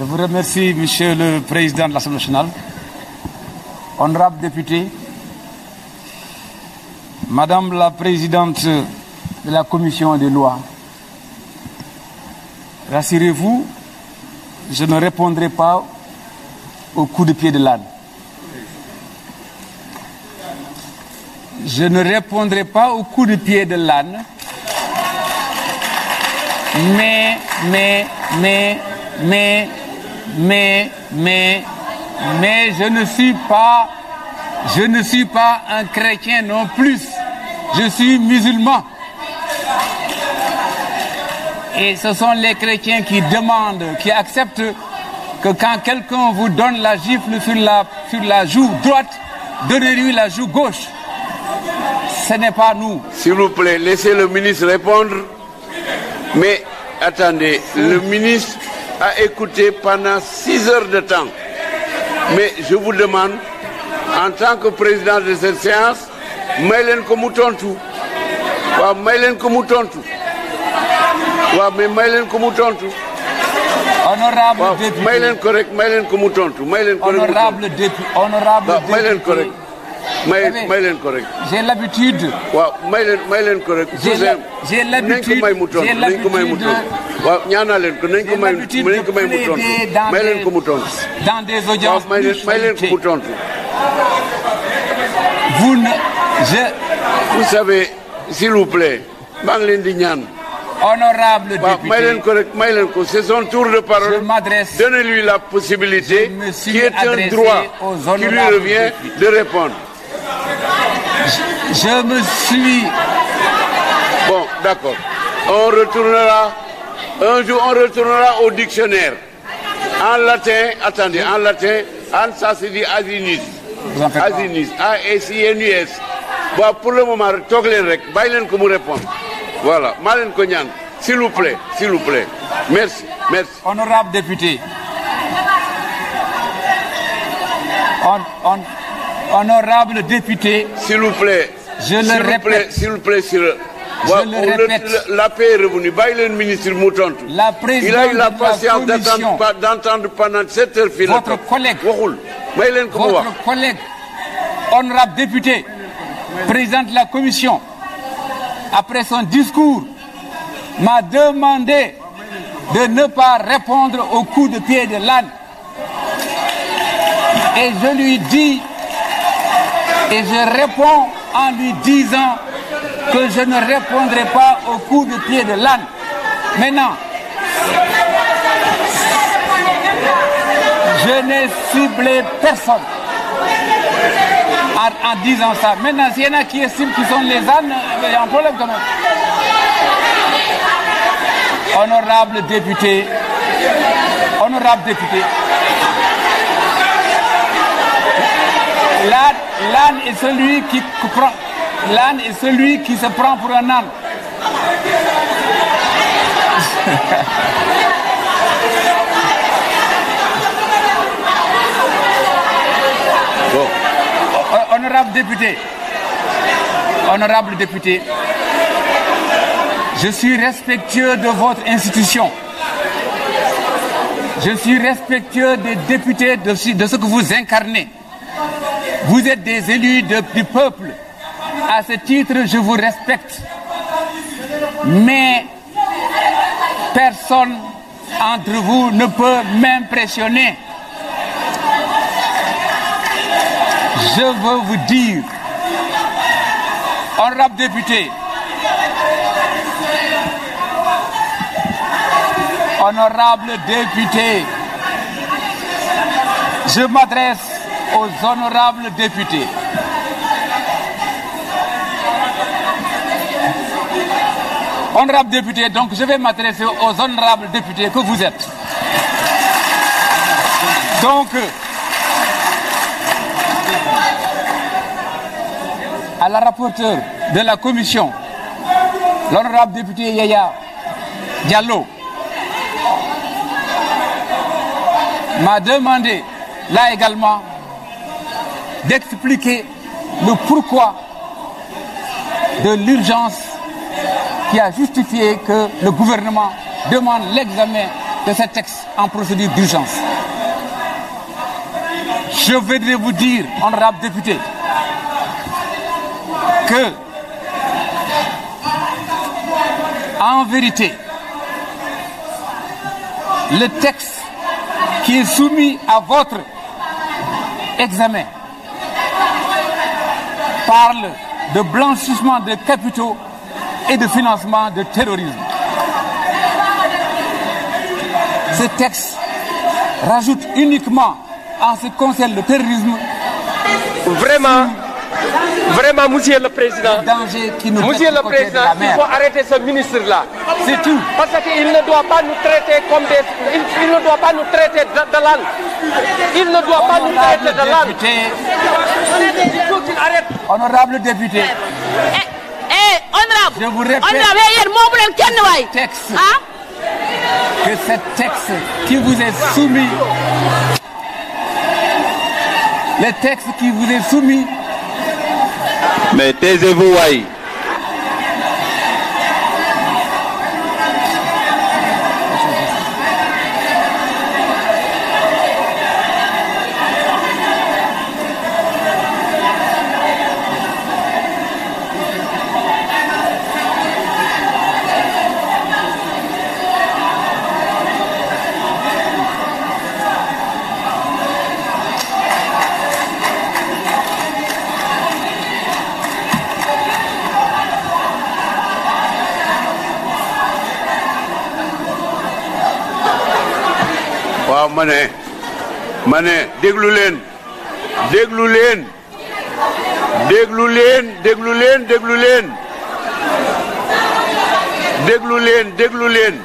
Je vous remercie, Monsieur le Président de l'Assemblée nationale, honorable député, Madame la Présidente de la Commission des lois. Rassurez-vous, je ne répondrai pas au coup de pied de l'âne. Je ne répondrai pas au coup de pied de l'âne. Mais, mais, mais, mais, mais, mais, mais je ne suis pas, je ne suis pas un chrétien non plus. Je suis musulman. Et ce sont les chrétiens qui demandent, qui acceptent que quand quelqu'un vous donne la gifle sur la, sur la joue droite, donnez-lui la joue gauche. Ce n'est pas nous. S'il vous plaît, laissez le ministre répondre. Mais attendez, le ministre à écouter pendant six heures de temps. Mais je vous demande, en tant que président de cette séance, Mailen Komoutontou. Mailen Komoutontou. mais Mailen Komoutontou. Honorable député. Mailen correct, Mailen Komoutontou. Honorable député. Honorable Mailen correct. Mailen correct. J'ai l'habitude. Mailen correct. J'ai l'habitude. J'ai l'habitude dans des audiences vous ne je. vous savez s'il vous plaît honorable député c'est son tour de parole. donnez-lui la possibilité. qui est un droit qui lui revient de répondre. je, je me suis. bon d'accord on retournera. Un jour, on retournera au dictionnaire. En latin, attendez, en latin, ça se dit asinus. Asinus, A-S-I-N-U-S. pour le moment, Toglen Rek, Bailen que vous répondez. Voilà, Malen Konyan, s'il vous plaît, s'il vous plaît. Merci, merci. Honorable député. honorable député. S'il vous plaît. Je le répète. S'il vous plaît, s'il vous plaît la paix est revenue. ministre Il a eu la patience d'entendre pendant 7 heures Votre collègue, votre collègue, honorable député, président de la commission, après son discours, m'a demandé de ne pas répondre au coup de pied de l'âne. Et je lui dis, et je réponds en lui disant que je ne répondrai pas au coup de pied de l'âne. Maintenant, je n'ai ciblé personne en, disant ça. Maintenant, s'il y en a qui estiment qu'ils sont les ânes, il y a un problème quand même. Honorable député, honorable député, l'âne est celui qui comprend L'âne est celui qui se prend pour un âne. Bon. Honorable député, honorable député, je suis respectueux de votre institution. Je suis respectueux des députés de, ce que vous incarnez. Vous êtes des élus du peuple. À ce titre, je vous respecte. Mais personne entre vous ne peut m'impressionner. Je veux vous dire, honorable député, honorable député, je m'adresse aux honorables députés. Honorable député, donc je vais m'adresser aux honorables députés que vous êtes. Donc, à la rapporteure de la commission, l'honorable député Yaya Diallo, m'a demandé, là également, d'expliquer le pourquoi de l'urgence qui a justifié que le gouvernement demande l'examen de ce texte en procédure d'urgence. Je voudrais vous dire, honorable député, que, en vérité, le texte qui est soumis à votre examen parle de blanchissement de capitaux et de financement de terrorisme. Ce texte rajoute uniquement à ce qui concerne le terrorisme. Vraiment, vraiment, monsieur le président, danger le président, il faut arrêter ce ministre-là. C'est tout. Parce qu'il ne doit pas nous traiter comme des. Il, ne doit pas nous traiter de, Il ne doit pas nous traiter de l'âne. Honorable député. Eh, je vous répète, ce eh, eh, texte, ah? que ce texte qui vous est soumis le texte qui vous est soumis mais taisez-vous haut ma ne ma ne déglu leen déglu leen déglu leen déglu leen déglu leen déglu leen déglu leen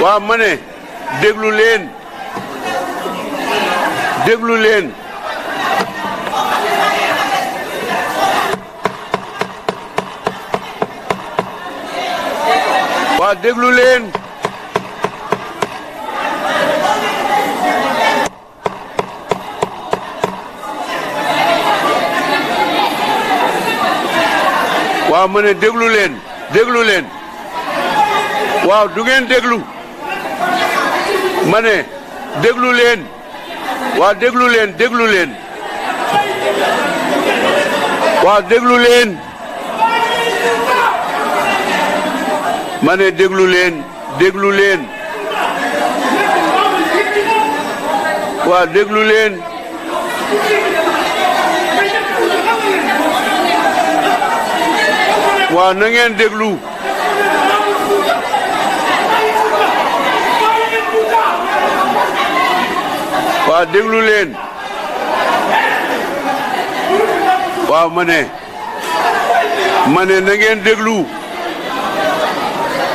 waaw ma ne déglu leen déglu leen waaw déglu leen waaw ma ne déglu leen déglu leen waaw du ngeen déglu ma ne déglu leen waaw déglu leen déglu leen waaw déglu leen ma ne déglu leen déglu leen waaw déglu leen waaw nangeen déglu. waaw déglu leen. waaw ma ne. ma ne na ngeen déglu.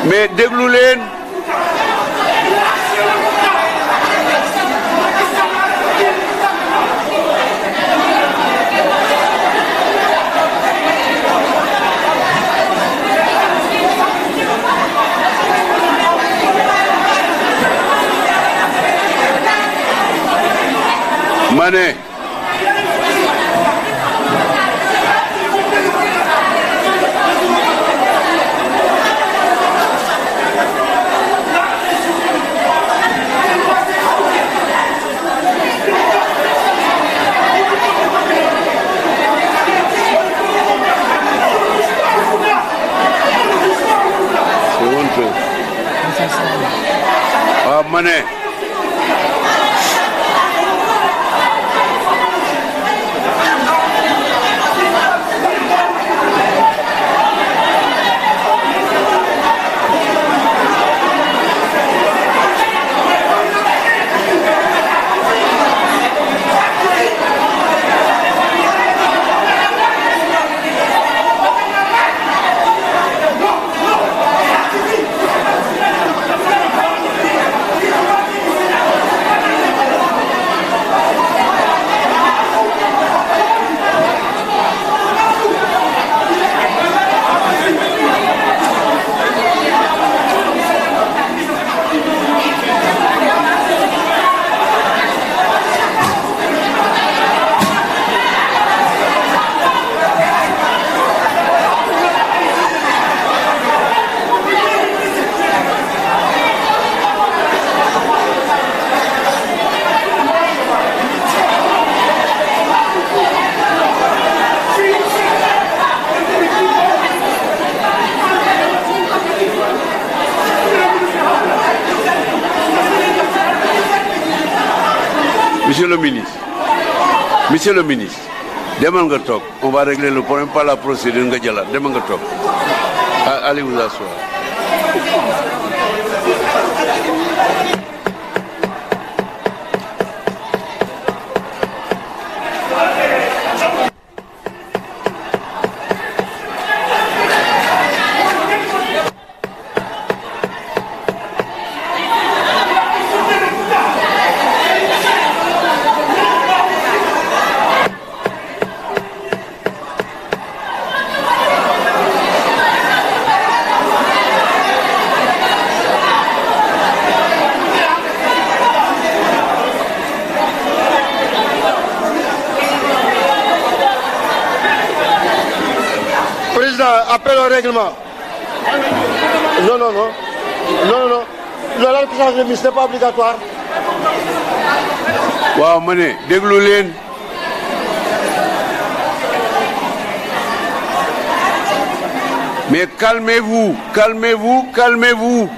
mais dégluleen money. money. le ministre, monsieur le ministre, on va régler le problème par la procédure nga allez vous asseoir Appel au règlement. Non, non, non. Non, non, non. lan ce n'est pas obligatoire. Waouh ma mais calmez-vous, calmez-vous, calmez-vous.